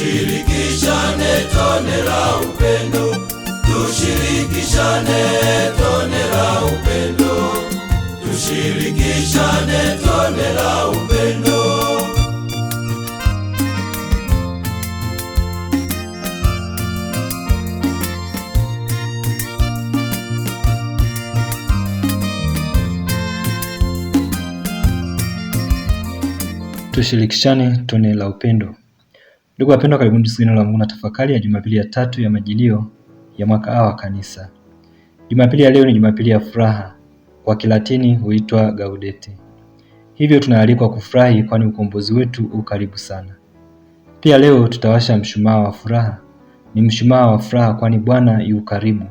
Tushirikishane tone la upendo, tushirikishane tone la upendo, tushirikishane tone la upendo. Tushirikishane tone la upendo. Ndugu wapendwa, karibuni tusikie neno la Mungu na tafakari ya Jumapili ya tatu ya majilio ya mwaka A wa Kanisa. Jumapili ya leo ni Jumapili ya furaha, kwa Kilatini huitwa Gaudete. Hivyo tunaalikwa kufurahi, kwani ukombozi wetu u karibu sana. Pia leo tutawasha mshumaa wa furaha. Ni mshumaa wa furaha, kwani Bwana yu karibu.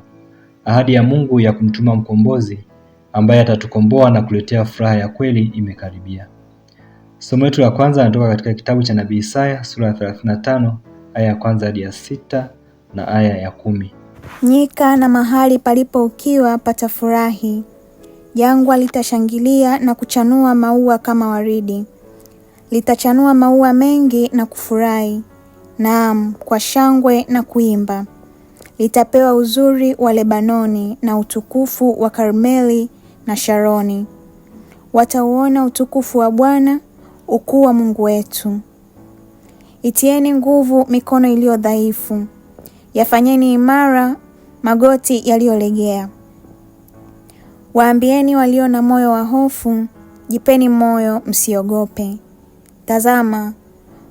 Ahadi ya Mungu ya kumtuma mkombozi ambaye atatukomboa na kuletea furaha ya kweli imekaribia. Somo letu la kwanza linatoka katika kitabu cha Nabii Isaya sura ya 35 aya ya kwanza hadi ya sita na aya ya kumi. Nyika na mahali palipo ukiwa patafurahi, jangwa litashangilia na kuchanua maua kama waridi, litachanua maua mengi na kufurahi, naam, kwa shangwe na kuimba. Litapewa uzuri wa Lebanoni na utukufu wa Karmeli na Sharoni. Watauona utukufu wa Bwana ukuu wa Mungu wetu. Itieni nguvu mikono iliyo dhaifu, yafanyeni imara magoti yaliyolegea. Waambieni walio na moyo wa hofu, jipeni moyo, msiogope. Tazama,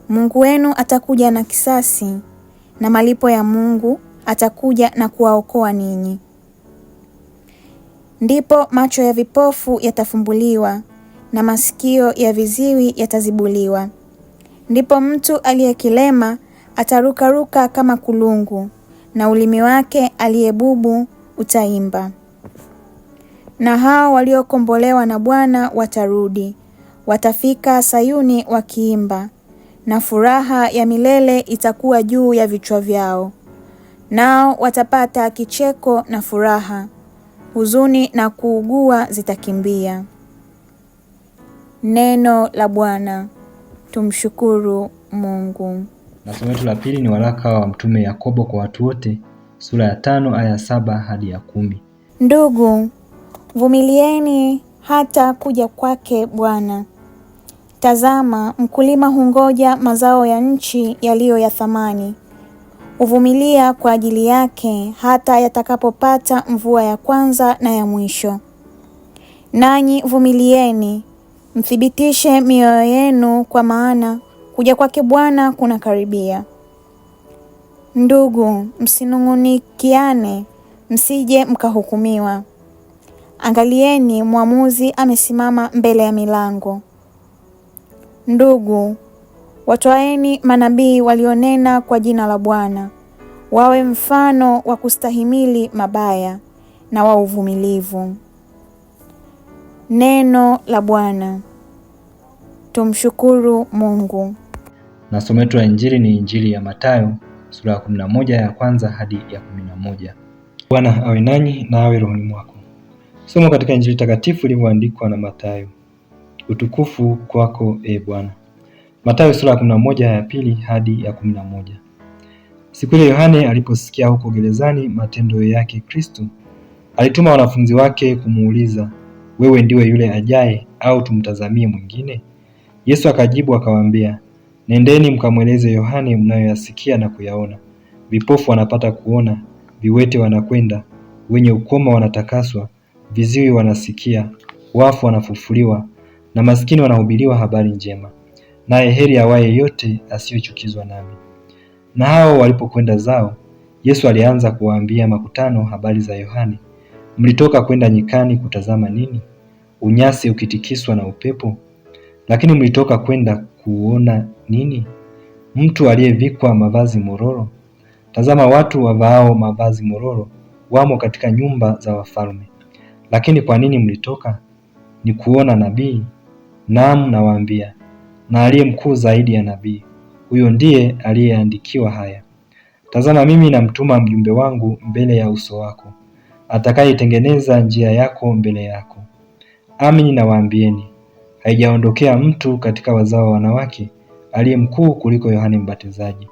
Mungu wenu atakuja na kisasi, na malipo ya Mungu atakuja na kuwaokoa ninyi. Ndipo macho ya vipofu yatafumbuliwa na masikio ya viziwi yatazibuliwa. Ndipo mtu aliyekilema atarukaruka kama kulungu, na ulimi wake aliyebubu utaimba. Na hao waliokombolewa na Bwana watarudi, watafika Sayuni wakiimba, na furaha ya milele itakuwa juu ya vichwa vyao. Nao watapata kicheko na furaha, huzuni na kuugua zitakimbia. Neno la Bwana. Tumshukuru Mungu. Na somo letu la pili ni waraka wa Mtume Yakobo kwa watu wote sura ya tano aya saba hadi ya kumi. Ndugu, vumilieni hata kuja kwake Bwana. Tazama, mkulima hungoja mazao ya nchi yaliyo ya thamani, huvumilia kwa ajili yake hata yatakapopata mvua ya kwanza na ya mwisho. Nanyi vumilieni mthibitishe mioyo yenu, kwa maana kuja kwake Bwana kuna karibia Ndugu, msinung'unikiane, msije mkahukumiwa. Angalieni, mwamuzi amesimama mbele ya milango. Ndugu, watwaeni manabii walionena kwa jina la Bwana, wawe mfano wa kustahimili mabaya na wa uvumilivu. Neno la Bwana. Tumshukuru Mungu. Na somo letu la Injili ni Injili ya Mathayo sura ya moja ya kwanza hadi ya moja Bwana awe nanyi na awe rohoni mwako. Somo katika Injili takatifu ilivyoandikwa na Mathayo. Utukufu kwako e Bwana. Mathayo sura ya moja ya pili hadi ya moja Siku ile Yohane aliposikia huko gerezani matendo yake Kristo, alituma wanafunzi wake kumuuliza, wewe ndiwe yule ajaye au tumtazamie mwingine? Yesu akajibu akawaambia, nendeni mkamweleze Yohane mnayoyasikia na kuyaona: vipofu wanapata kuona, viwete wanakwenda, wenye ukoma wanatakaswa, viziwi wanasikia, wafu wanafufuliwa, na maskini wanahubiriwa habari njema. Naye heri awaye yote asiyochukizwa nami. Na hao walipokwenda zao, Yesu alianza kuwaambia makutano habari za Yohane: mlitoka kwenda nyikani kutazama nini? Unyasi ukitikiswa na upepo? Lakini mlitoka kwenda kuona nini? Mtu aliyevikwa mavazi mororo? Tazama, watu wavaao mavazi mororo wamo katika nyumba za wafalme. Lakini kwa nini mlitoka? Ni kuona nabii? Naam, nawaambia, na aliye mkuu zaidi ya nabii, huyo ndiye aliyeandikiwa haya. Tazama, mimi namtuma mjumbe wangu mbele ya uso wako, atakayetengeneza njia yako mbele yako. Amini nawaambieni, haijaondokea mtu katika wazao wa wanawake aliye mkuu kuliko Yohane Mbatizaji,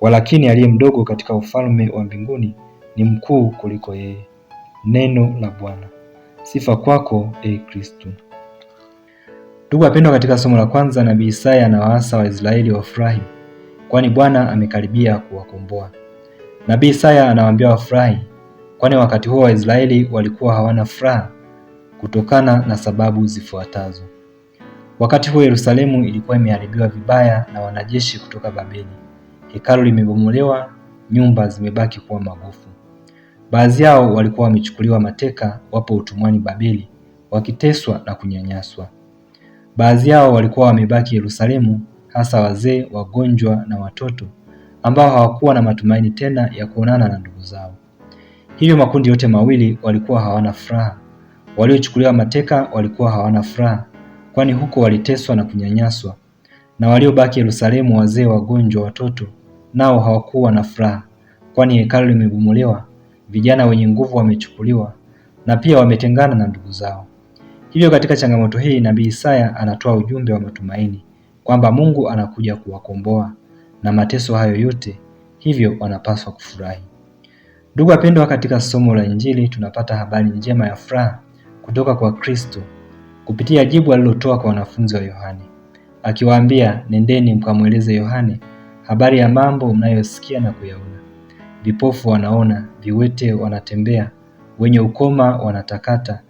walakini aliye mdogo katika ufalme wa mbinguni ni mkuu kuliko yeye. Neno la Bwana. Sifa kwako e Kristo. Ndugu wapendwa, katika somo la kwanza, nabii Isaya anawaasa Waisraeli wafurahi, kwani Bwana amekaribia kuwakomboa. Nabii Isaya anawaambia wafurahi, kwani wakati huo Waisraeli walikuwa hawana furaha kutokana na sababu zifuatazo. Wakati huo Yerusalemu ilikuwa imeharibiwa vibaya na wanajeshi kutoka Babeli. Hekalu limebomolewa, nyumba zimebaki kuwa magofu. Baadhi yao walikuwa wamechukuliwa mateka, wapo utumwani Babeli, wakiteswa na kunyanyaswa. Baadhi yao walikuwa wamebaki Yerusalemu, hasa wazee, wagonjwa na watoto ambao hawakuwa na matumaini tena ya kuonana na ndugu zao. Hivyo makundi yote mawili walikuwa hawana furaha. Waliochukuliwa mateka walikuwa hawana furaha kwani huko waliteswa na kunyanyaswa, na waliobaki Yerusalemu, wazee, wagonjwa, watoto, nao hawakuwa na furaha, kwani hekalu limebomolewa, vijana wenye nguvu wamechukuliwa, na pia wametengana na ndugu zao. Hivyo katika changamoto hii nabii Isaya anatoa ujumbe wa matumaini kwamba Mungu anakuja kuwakomboa na mateso hayo yote, hivyo wanapaswa kufurahi. Ndugu wapendwa, katika somo la Injili tunapata habari njema ya furaha kutoka kwa Kristo kupitia jibu alilotoa kwa wanafunzi wa Yohane akiwaambia, nendeni mkamweleze Yohane habari ya mambo mnayosikia na kuyaona: vipofu wanaona, viwete wanatembea, wenye ukoma wanatakata,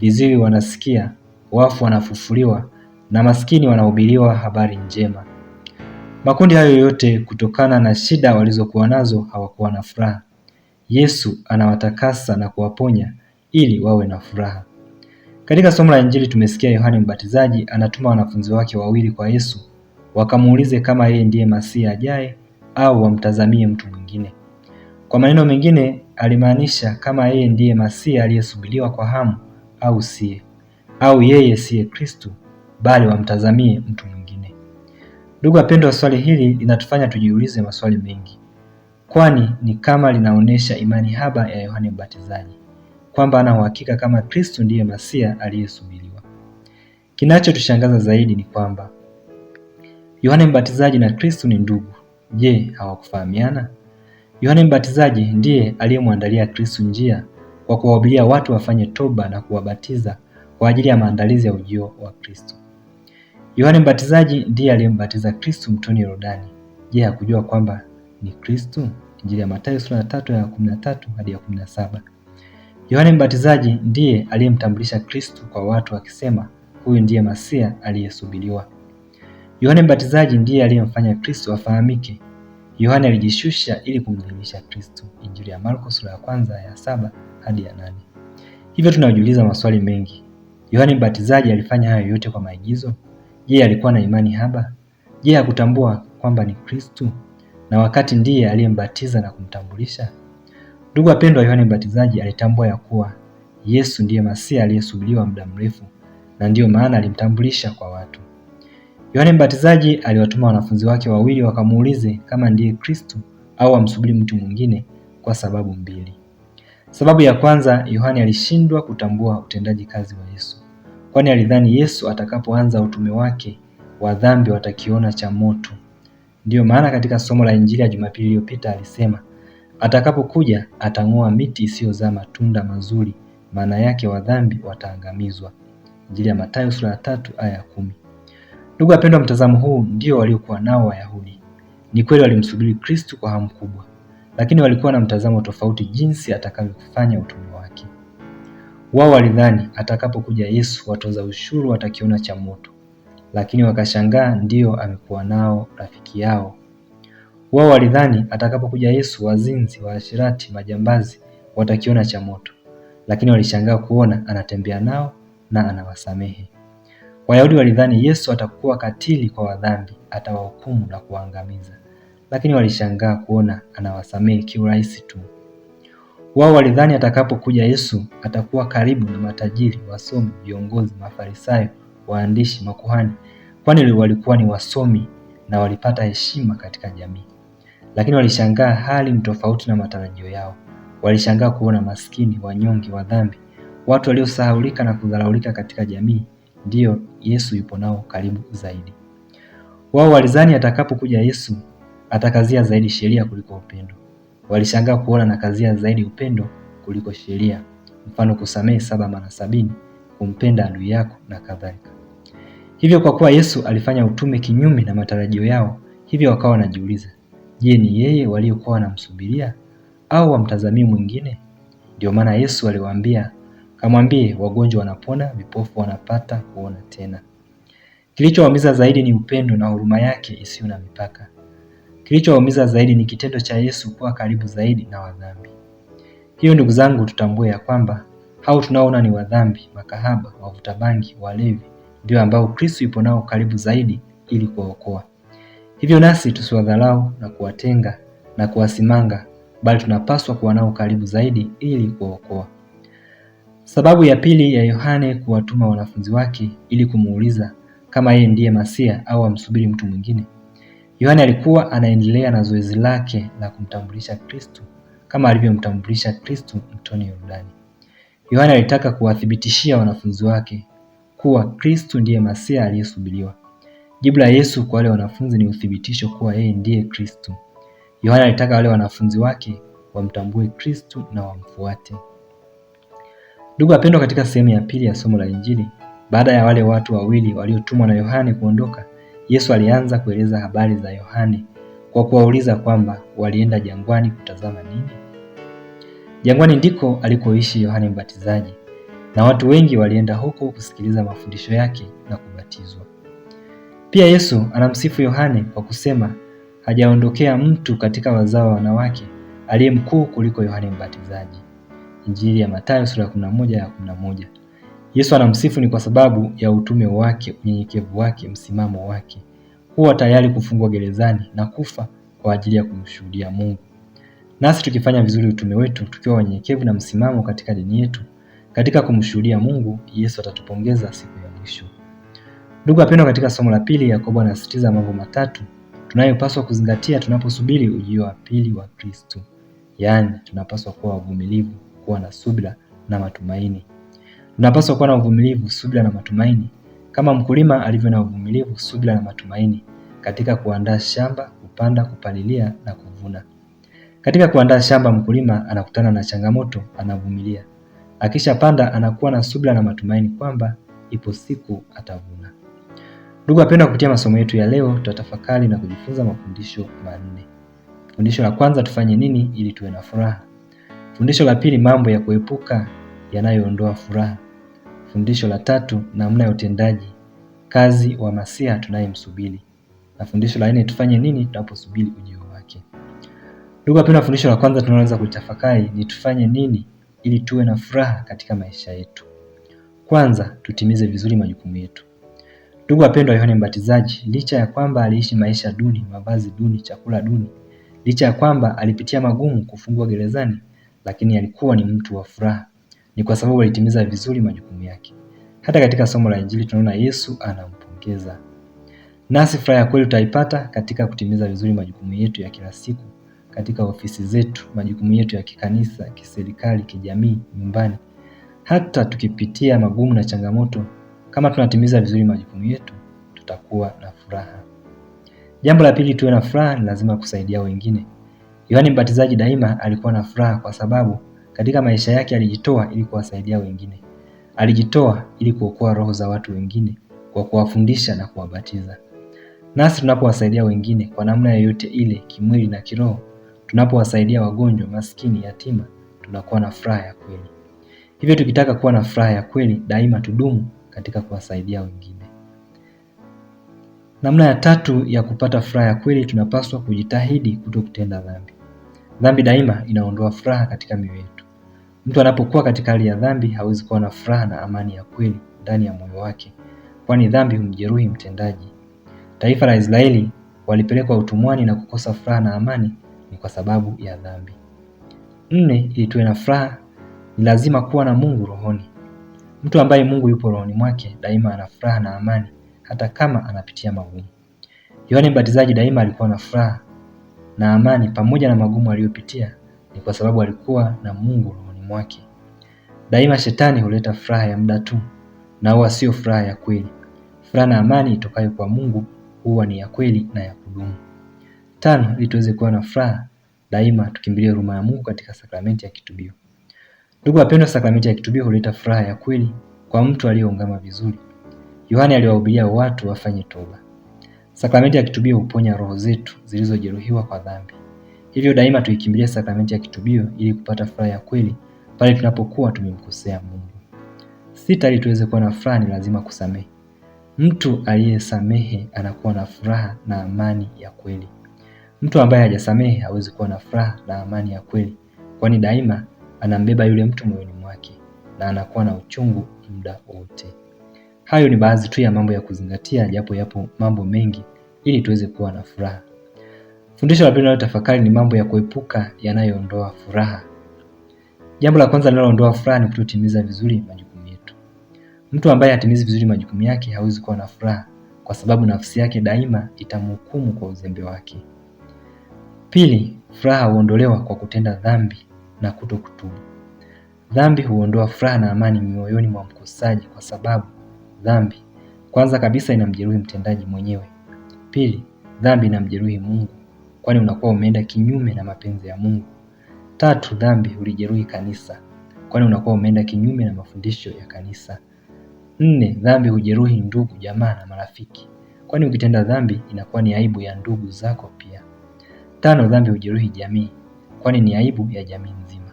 viziwi wanasikia, wafu wanafufuliwa, na maskini wanahubiriwa habari njema. Makundi hayo yote, kutokana na shida walizokuwa nazo, hawakuwa na furaha. Yesu anawatakasa na kuwaponya ili wawe na furaha. Katika somo la Injili tumesikia yohani Mbatizaji anatuma wanafunzi wake wawili kwa Yesu wakamuulize kama yeye ndiye Masihi ajaye au wamtazamie mtu mwingine. Kwa maneno mengine, alimaanisha kama yeye ndiye Masihi aliyesubiriwa kwa hamu au siye, au yeye siye Kristo bali wamtazamie mtu mwingine. Ndugu wapendwa, swali hili linatufanya tujiulize maswali mengi, kwani ni kama linaonyesha imani haba ya yohani Mbatizaji kwamba ana uhakika kama Kristo ndiye Masia aliyesubiriwa. Kinachotushangaza zaidi ni kwamba Yohane Mbatizaji na Kristo ni ndugu. Je, hawakufahamiana? Yohane Mbatizaji ndiye aliyemwandalia Kristo njia kwa kuwahubiria watu wafanye toba na kuwabatiza kwa ajili ya maandalizi ya ujio wa Kristo. Yohane Mbatizaji ndiye aliyembatiza Kristo mtoni Yordani. Je, hakujua kwamba ni Kristo? Injili ya Mathayo sura ya 3 ya 13 hadi ya Yohane Mbatizaji ndiye aliyemtambulisha Kristo kwa watu akisema, huyu ndiye Masia aliyesubiriwa. Yohane Mbatizaji ndiye aliyemfanya Kristo afahamike. Yohane alijishusha ili kumdhihirisha Kristo. Injili ya Marko sura ya kwanza ya saba hadi ya nane. Hivyo tunajiuliza maswali mengi. Yohane Mbatizaji alifanya hayo yote kwa maigizo? Je, alikuwa na imani haba? Je, hakutambua kwamba ni Kristo na wakati ndiye aliyembatiza na kumtambulisha? Ndugu wapendwa, Yohane Mbatizaji alitambua ya kuwa Yesu ndiye masia aliyesubiriwa muda mrefu, na ndiyo maana alimtambulisha kwa watu. Yohane Mbatizaji aliwatuma wanafunzi wake wawili wakamuulize kama ndiye Kristo au amsubiri mtu mwingine kwa sababu mbili. Sababu ya kwanza, Yohane alishindwa kutambua utendaji kazi wa Yesu, kwani alidhani Yesu atakapoanza utume wake wa dhambi watakiona cha moto. Ndiyo maana katika somo la Injili ya Jumapili iliyopita alisema Atakapokuja atang'oa miti isiyozaa matunda mazuri, maana yake wadhambi wataangamizwa. Injili ya Mathayo sura ya tatu aya ya kumi. Ndugu wapendwa, mtazamo huu ndio waliokuwa nao Wayahudi. Ni kweli walimsubiri Kristu kwa hamu kubwa, lakini walikuwa na mtazamo tofauti jinsi atakavyofanya utume wake. Wao walidhani atakapokuja Yesu watoza ushuru watakiona cha moto, lakini wakashangaa ndio amekuwa nao rafiki yao wao walidhani atakapokuja Yesu wazinzi, ashirati majambazi watakiona cha moto, lakini walishangaa kuona anatembea nao na anawasamehe. Wayahudi walidhani Yesu atakuwa katili kwa wadhambi, atawahukumu na kuwaangamiza, lakini walishangaa kuona anawasamehe kiurahisi tu. Wao walidhani atakapokuja Yesu atakuwa karibu na matajiri, wasomi, viongozi, mafarisayo, waandishi, makuhani, kwani walikuwa ni wasomi na walipata heshima katika jamii lakini walishangaa hali ni tofauti na matarajio yao. Walishangaa kuona maskini, wanyonge, wa dhambi, watu waliosahaulika na kudharaulika katika jamii, ndiyo Yesu yupo nao karibu zaidi. Wao walizani atakapokuja Yesu atakazia zaidi sheria kuliko upendo. Walishangaa kuona na kazia zaidi upendo kuliko sheria, mfano kusamehe saba mara sabini, kumpenda adui yako na kadhalika. Hivyo kwa kuwa Yesu alifanya utume kinyume na matarajio yao, hivyo wakawa wanajiuliza Je, ni yeye waliokuwa wanamsubiria au wamtazamia mwingine? Ndio maana Yesu aliwaambia, kamwambie wagonjwa wanapona, vipofu wanapata kuona tena. Kilichowaumiza zaidi ni upendo na huruma yake isiyo na mipaka. Kilichowaumiza zaidi ni kitendo cha Yesu kuwa karibu zaidi na wadhambi. Hiyo ndugu zangu, tutambue ya kwamba hao tunaoona ni wadhambi, makahaba, wavuta bangi, walevi, ndio ambao Kristo yupo nao karibu zaidi ili kuwaokoa. Hivyo nasi tusiwadharau na kuwatenga na kuwasimanga, bali tunapaswa kuwa nao karibu zaidi ili kuwaokoa. Sababu ya pili ya Yohane kuwatuma wanafunzi wake ili kumuuliza kama yeye ndiye Masia au amsubiri mtu mwingine. Yohane alikuwa anaendelea na zoezi lake la kumtambulisha Kristo kama alivyomtambulisha Kristo mtoni Yordani. Yohane alitaka kuwathibitishia wanafunzi wake kuwa Kristo ndiye Masia aliyesubiriwa. Jibu la Yesu kwa wale wanafunzi ni uthibitisho kuwa yeye ndiye Kristo. Yohana alitaka wale wanafunzi wake wamtambue Kristo na wamfuate. Ndugu wapendwa, katika sehemu ya pili ya somo la Injili, baada ya wale watu wawili waliotumwa na Yohane kuondoka, Yesu alianza kueleza habari za Yohane kwa kuwauliza kwamba walienda jangwani kutazama nini. Jangwani ndiko alikoishi Yohane Mbatizaji, na watu wengi walienda huko kusikiliza mafundisho yake na kubatizwa. Pia Yesu anamsifu Yohane kwa kusema hajaondokea mtu katika wazao wa wanawake aliye mkuu kuliko Yohane Mbatizaji. Injili ya Mathayo sura ya moja ya moja. Yesu anamsifu ni kwa sababu ya utume wake, unyenyekevu wake, msimamo wake, huwa tayari kufungwa gerezani na kufa kwa ajili ya kumshuhudia Mungu. Nasi tukifanya vizuri utume wetu tukiwa wanyenyekevu na msimamo katika dini yetu, katika kumshuhudia Mungu, Yesu atatupongeza siku ya mwisho. Ndugu wapendwa, katika somo la pili Yakobo anasisitiza mambo matatu tunayopaswa kuzingatia tunaposubiri ujio wa pili wa Kristo, yaani tunapaswa kuwa wavumilivu, kuwa na subira na matumaini. Tunapaswa kuwa na uvumilivu, subira na matumaini, kama mkulima alivyo na uvumilivu, subira na matumaini katika kuandaa shamba, kupanda, kupalilia na kuvuna. Katika kuandaa shamba, mkulima anakutana na changamoto, anavumilia. Akishapanda, anakuwa na subira na matumaini kwamba ipo siku atavuna. Ndugu wapendwa, kupitia masomo yetu ya leo tutatafakari na kujifunza mafundisho manne. Fundisho la kwanza, tufanye nini ili tuwe na furaha? Fundisho la pili, mambo ya kuepuka yanayoondoa furaha. Fundisho la tatu, namna ya utendaji kazi wa Masiha tunayemsubiri, na fundisho la nne, tufanye nini tunaposubiri ujio wake. Ndugu wapendwa, fundisho la kwanza tunaloweza kutafakari ni tufanye nini ili tuwe na furaha katika maisha yetu. Kwanza, tutimize vizuri majukumu yetu. Ndugu wapendwa, Yohane Mbatizaji licha ya kwamba aliishi maisha duni, mavazi duni, chakula duni, licha ya kwamba alipitia magumu kufungwa gerezani, lakini alikuwa ni mtu wa furaha. Ni kwa sababu alitimiza vizuri majukumu yake. Hata katika somo la Injili tunaona Yesu anampongeza. Nasi furaha ya kweli tutaipata katika kutimiza vizuri majukumu yetu ya kila siku katika ofisi zetu, majukumu yetu ya kikanisa, kiserikali, kijamii, nyumbani. Hata tukipitia magumu na changamoto, kama tunatimiza vizuri majukumu yetu, tutakuwa na furaha. Jambo la pili, tuwe na furaha ni lazima kusaidia wengine. Yohani Mbatizaji daima alikuwa na furaha kwa sababu katika maisha yake alijitoa ili kuwasaidia wengine. Alijitoa ili kuokoa roho za watu wengine kwa kuwafundisha na kuwabatiza. Nasi tunapowasaidia wengine kwa namna yoyote ile, kimwili na kiroho, tunapowasaidia wagonjwa, maskini, yatima, tunakuwa na furaha ya kweli. Hivyo tukitaka kuwa na furaha ya kweli, daima tudumu katika kuwasaidia wengine. Namna ya tatu ya kupata furaha ya kweli, tunapaswa kujitahidi kuto kutenda dhambi. Dhambi daima inaondoa furaha katika mioyo yetu. Mtu anapokuwa katika hali ya dhambi, hawezi kuwa na furaha na amani ya kweli ndani ya moyo wake, kwani dhambi humjeruhi mtendaji. Taifa la Israeli walipelekwa utumwani na kukosa furaha na amani ni kwa sababu ya dhambi. Nne, ili tuwe na furaha, ni lazima kuwa na Mungu rohoni. Mtu ambaye Mungu yupo rohoni mwake daima ana furaha na amani hata kama anapitia magumu. Yohane Mbatizaji daima alikuwa na furaha na amani pamoja na magumu aliyopitia, ni kwa sababu alikuwa na Mungu rohoni mwake. Daima shetani huleta furaha ya muda tu na huwa sio furaha ya kweli. Furaha na amani itokayo kwa Mungu huwa ni ya kweli na ya kudumu. Tano, ili tuweze kuwa na furaha daima, tukimbilie huruma ya Mungu katika sakramenti ya kitubio. Ndugu wapendwa, sakramenti ya kitubio huleta furaha ya kweli kwa mtu aliyeungama vizuri. Yohane aliwahubiria watu wafanye toba. Sakramenti ya kitubio huponya roho zetu zilizojeruhiwa kwa dhambi. Hivyo daima tuikimbilie sakramenti ya kitubio ili kupata furaha ya kweli pale tunapokuwa tumemkosea Mungu. Sita, ili tuweze kuwa na furaha ni lazima kusamehe. Mtu aliyesamehe anakuwa na furaha na amani ya kweli. Mtu ambaye hajasamehe hawezi kuwa na furaha na amani ya kweli, kwani daima anambeba yule mtu moyoni mwake na anakuwa na uchungu muda wote. Hayo ni baadhi tu ya mambo ya kuzingatia, japo yapo mambo mengi, ili tuweze kuwa na furaha. Fundisho la pili linalotafakari ni mambo ya kuepuka yanayoondoa furaha. Jambo la kwanza linaloondoa furaha ni kutotimiza vizuri majukumu yetu. Mtu ambaye hatimizi vizuri majukumu yake hawezi kuwa na furaha, kwa sababu nafsi yake daima itamhukumu kwa uzembe wake. Pili, furaha huondolewa kwa kutenda dhambi na kutokutubu. Dhambi huondoa furaha na amani mioyoni mwa mkosaji, kwa sababu dhambi kwanza kabisa inamjeruhi mtendaji mwenyewe. Pili, dhambi inamjeruhi Mungu, kwani unakuwa umeenda kinyume na mapenzi ya Mungu. Tatu, dhambi hulijeruhi kanisa, kwani unakuwa umeenda kinyume na mafundisho ya kanisa. Nne, dhambi hujeruhi ndugu, jamaa na marafiki, kwani ukitenda dhambi inakuwa ni aibu ya ndugu zako pia. Tano, dhambi hujeruhi jamii, kwani ni aibu ya jamii nzima.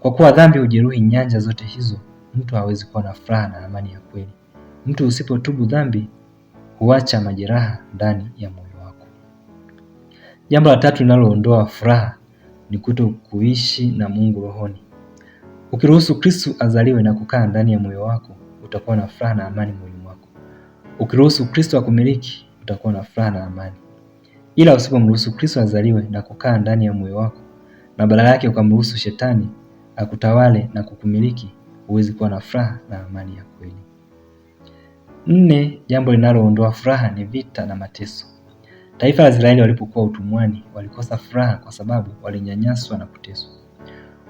Kwa kuwa dhambi hujeruhi nyanja zote hizo, mtu hawezi kuwa na furaha na amani ya kweli. Mtu usipotubu dhambi huacha majeraha ndani ya moyo wako. Jambo la tatu linaloondoa furaha ni kuto kuishi na Mungu rohoni. Ukiruhusu Kristu azaliwe na kukaa ndani ya moyo wako, utakuwa na furaha na amani moyo wako. Ukiruhusu Kristu akumiliki, utakuwa na furaha na amani. Ila usipomruhusu Kristu azaliwe na kukaa ndani ya moyo wako, na badala yake ukamruhusu shetani akutawale na kukumiliki, huwezi kuwa na furaha na amani ya kweli. Nne, jambo linaloondoa furaha ni vita na mateso. Taifa la Israeli walipokuwa utumwani walikosa furaha kwa sababu walinyanyaswa na kuteswa.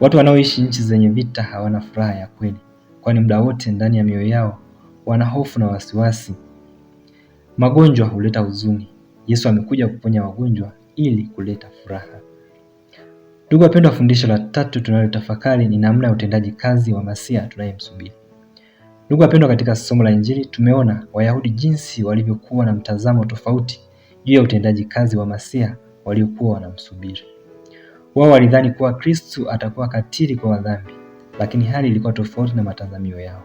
Watu wanaoishi nchi zenye vita hawana furaha ya kweli, kwani muda wote ndani ya mioyo yao wana hofu na wasiwasi. Magonjwa huleta huzuni. Yesu amekuja kuponya wagonjwa ili kuleta furaha. Ndugu wapendwa, fundisho la tatu tunalotafakari ni namna ya utendaji kazi wa Masia tunayemsubiri. Ndugu wapendwa, katika somo la Injili tumeona Wayahudi jinsi walivyokuwa na mtazamo tofauti juu ya utendaji kazi wa Masia waliokuwa wanamsubiri. Wao walidhani kuwa Kristu atakuwa katili kwa wadhambi, lakini hali ilikuwa tofauti na matazamio yao.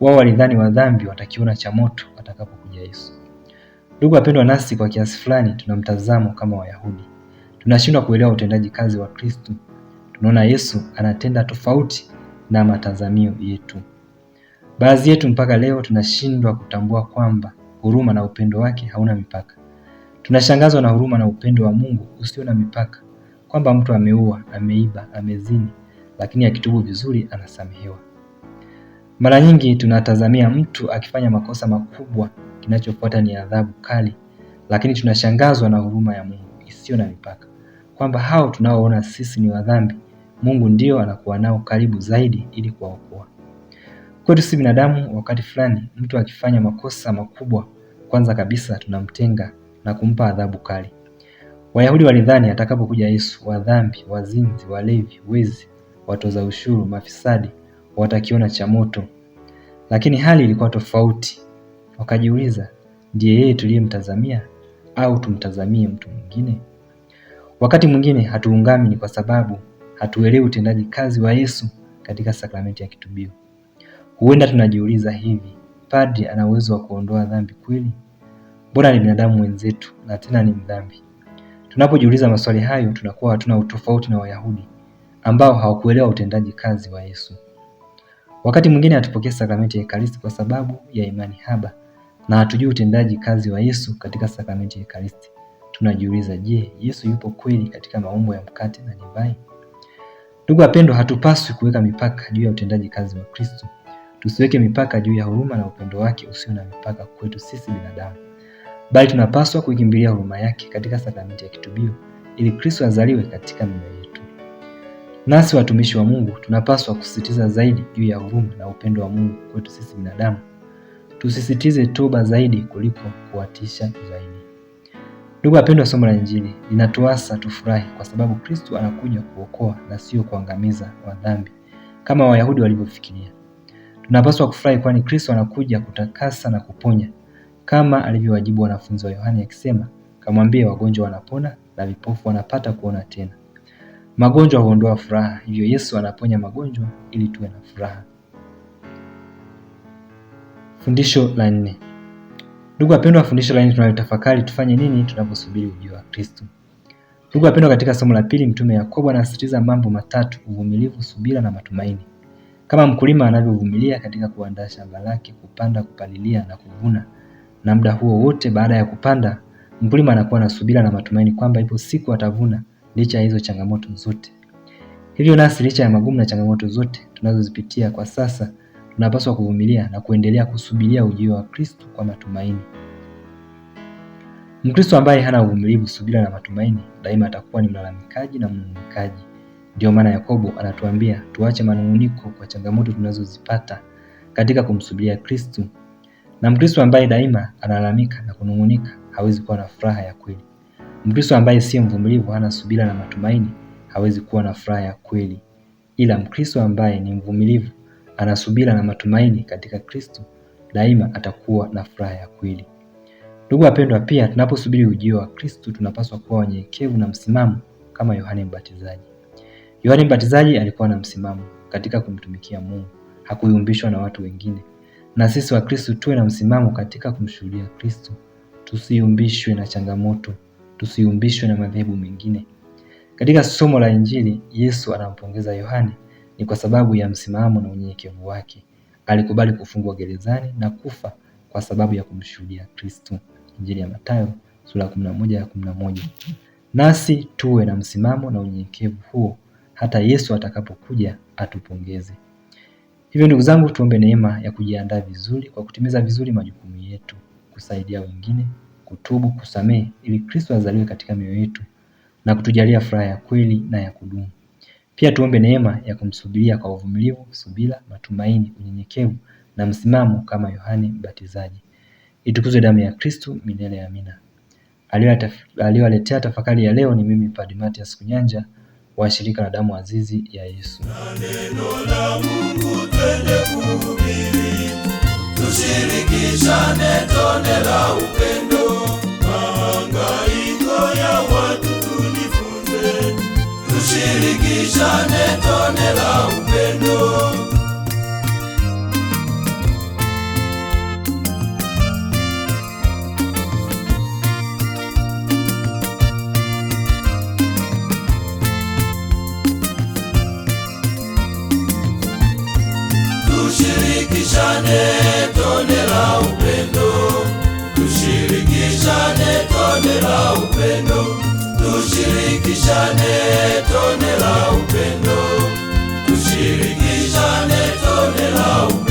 Wao walidhani wadhambi watakiona cha moto atakapokuja Yesu. Ndugu wapendwa, nasi kwa kiasi fulani tuna mtazamo kama Wayahudi Tunashindwa kuelewa utendaji kazi wa Kristo. Tunaona Yesu anatenda tofauti na matazamio yetu. Baadhi yetu mpaka leo tunashindwa kutambua kwamba huruma na upendo wake hauna mipaka. Tunashangazwa na huruma na upendo wa Mungu usio na mipaka, kwamba mtu ameua, ameiba, amezini, lakini akitubu vizuri anasamehewa. Mara nyingi tunatazamia mtu akifanya makosa makubwa, kinachofuata ni adhabu kali, lakini tunashangazwa na huruma ya Mungu isiyo na mipaka kwamba hao tunaoona sisi ni wadhambi, Mungu ndio anakuwa nao karibu zaidi ili kuwaokoa. Kwetu si binadamu, wakati fulani mtu akifanya makosa makubwa, kwanza kabisa tunamtenga na kumpa adhabu kali. Wayahudi walidhani atakapokuja Yesu, wadhambi, wazinzi, walevi, wezi, watoza ushuru, mafisadi watakiona cha moto. Lakini hali ilikuwa tofauti. Wakajiuliza, ndiye yeye tuliyemtazamia au tumtazamie mtu mwingine? Wakati mwingine hatuungami ni kwa sababu hatuelewi utendaji kazi wa Yesu katika sakramenti ya kitubio. Huenda tunajiuliza hivi, padri ana uwezo wa kuondoa dhambi kweli? Mbona ni binadamu mwenzetu na tena ni mdhambi? Tunapojiuliza maswali hayo, tunakuwa hatuna utofauti na Wayahudi ambao hawakuelewa utendaji kazi wa Yesu. Wakati mwingine hatupokee sakramenti ya Ekaristi kwa sababu ya imani haba na hatujui utendaji kazi wa Yesu katika sakramenti ya Ekaristi tunajiuliza je, Yesu yupo kweli katika maumbo ya mkate na divai? Ndugu wapendwa, hatupaswi kuweka mipaka juu ya utendaji kazi wa Kristo. Tusiweke mipaka juu ya huruma na upendo wake usio na mipaka kwetu sisi binadamu, bali tunapaswa kuikimbilia huruma yake katika sakramenti ya kitubio ili Kristo azaliwe katika mioyo yetu. Nasi watumishi wa Mungu tunapaswa kusisitiza zaidi juu ya huruma na upendo wa Mungu kwetu sisi binadamu. Tusisitize toba zaidi kuliko kuwatisha zaidi. Ndugu wapendwa, somo la Injili linatuasa tufurahi kwa sababu Kristo anakuja kuokoa na sio kuangamiza wa dhambi kama Wayahudi walivyofikiria. Tunapaswa kufurahi kwani Kristo anakuja kutakasa na kuponya kama alivyowajibu wanafunzi wa yohani akisema, kamwambie wagonjwa wanapona na vipofu wanapata kuona tena. Magonjwa huondoa furaha, hivyo Yesu anaponya magonjwa ili tuwe na furaha. Fundisho la nne: Ndugu wapendwa, fundisho la nini tunalitafakari, tufanye nini tunaposubiri ujio wa Kristo? Ndugu wapendwa, katika somo la pili mtume Yakobo anasisitiza mambo matatu: uvumilivu, subira na matumaini. Kama mkulima anavyovumilia katika kuandaa shamba lake, kupanda, kupalilia na kuvuna, na muda huo wote baada ya kupanda, mkulima anakuwa na subira na matumaini kwamba ipo siku atavuna, licha ya hizo changamoto zote. Hivyo nasi, licha ya magumu na changamoto zote tunazozipitia kwa sasa tunapaswa kuvumilia na kuendelea kusubiria ujio wa Kristo kwa matumaini. Mkristo ambaye hana uvumilivu, subira na matumaini, daima atakuwa ni mlalamikaji na mnung'unikaji. Ndiyo maana Yakobo anatuambia tuache manung'uniko kwa changamoto tunazozipata katika kumsubiria Kristo. Na Mkristo ambaye daima analalamika na kunung'unika hawezi kuwa na furaha ya kweli. Mkristo ambaye si mvumilivu, hana subira na matumaini, hawezi kuwa na furaha ya kweli. Ila Mkristo ambaye ni mvumilivu ana subira na matumaini katika Kristo, daima atakuwa na furaha ya kweli. Ndugu wapendwa, pia tunaposubiri ujio wa Kristo tunapaswa kuwa wanyenyekevu na msimamo kama Yohane Mbatizaji. Yohane Mbatizaji alikuwa na msimamo katika kumtumikia Mungu, hakuyumbishwa na watu wengine. Na sisi wa Kristo tuwe na msimamo katika kumshuhudia Kristo, tusiyumbishwe na changamoto, tusiyumbishwe na madhehebu mengine. Katika somo la Injili, Yesu anampongeza Yohane ni kwa sababu ya msimamo na unyenyekevu wake. Alikubali kufungwa gerezani na kufa kwa sababu ya kumshuhudia Kristo. Injili ya Mathayo sura ya 11 ya 11. Nasi tuwe na msimamo na unyenyekevu huo hata Yesu atakapokuja atupongeze. Hivyo ndugu zangu, tuombe neema ya kujiandaa vizuri kwa kutimiza vizuri majukumu yetu, kusaidia wengine, kutubu, kusamehe, ili Kristo azaliwe katika mioyo yetu na kutujalia furaha ya kweli na ya kudumu. Pia tuombe neema ya kumsubiria kwa uvumilivu, subira, matumaini, unyenyekevu na msimamo kama Yohane Mbatizaji. Itukuzwe damu ya Kristu, milele ya amina. Aliyowaletea tafakari ya leo ni mimi Padre Mathias Kunyanja wa shirika la damu azizi ya Yesu. tushirikishane tone la upendo, mahangaiko ya tushirikishane tone la upendo. Tushirikishane tone la upendo, tushirikishane tone la upendo. tushirikishane tone la upendo, tushirikishane tone la upendo.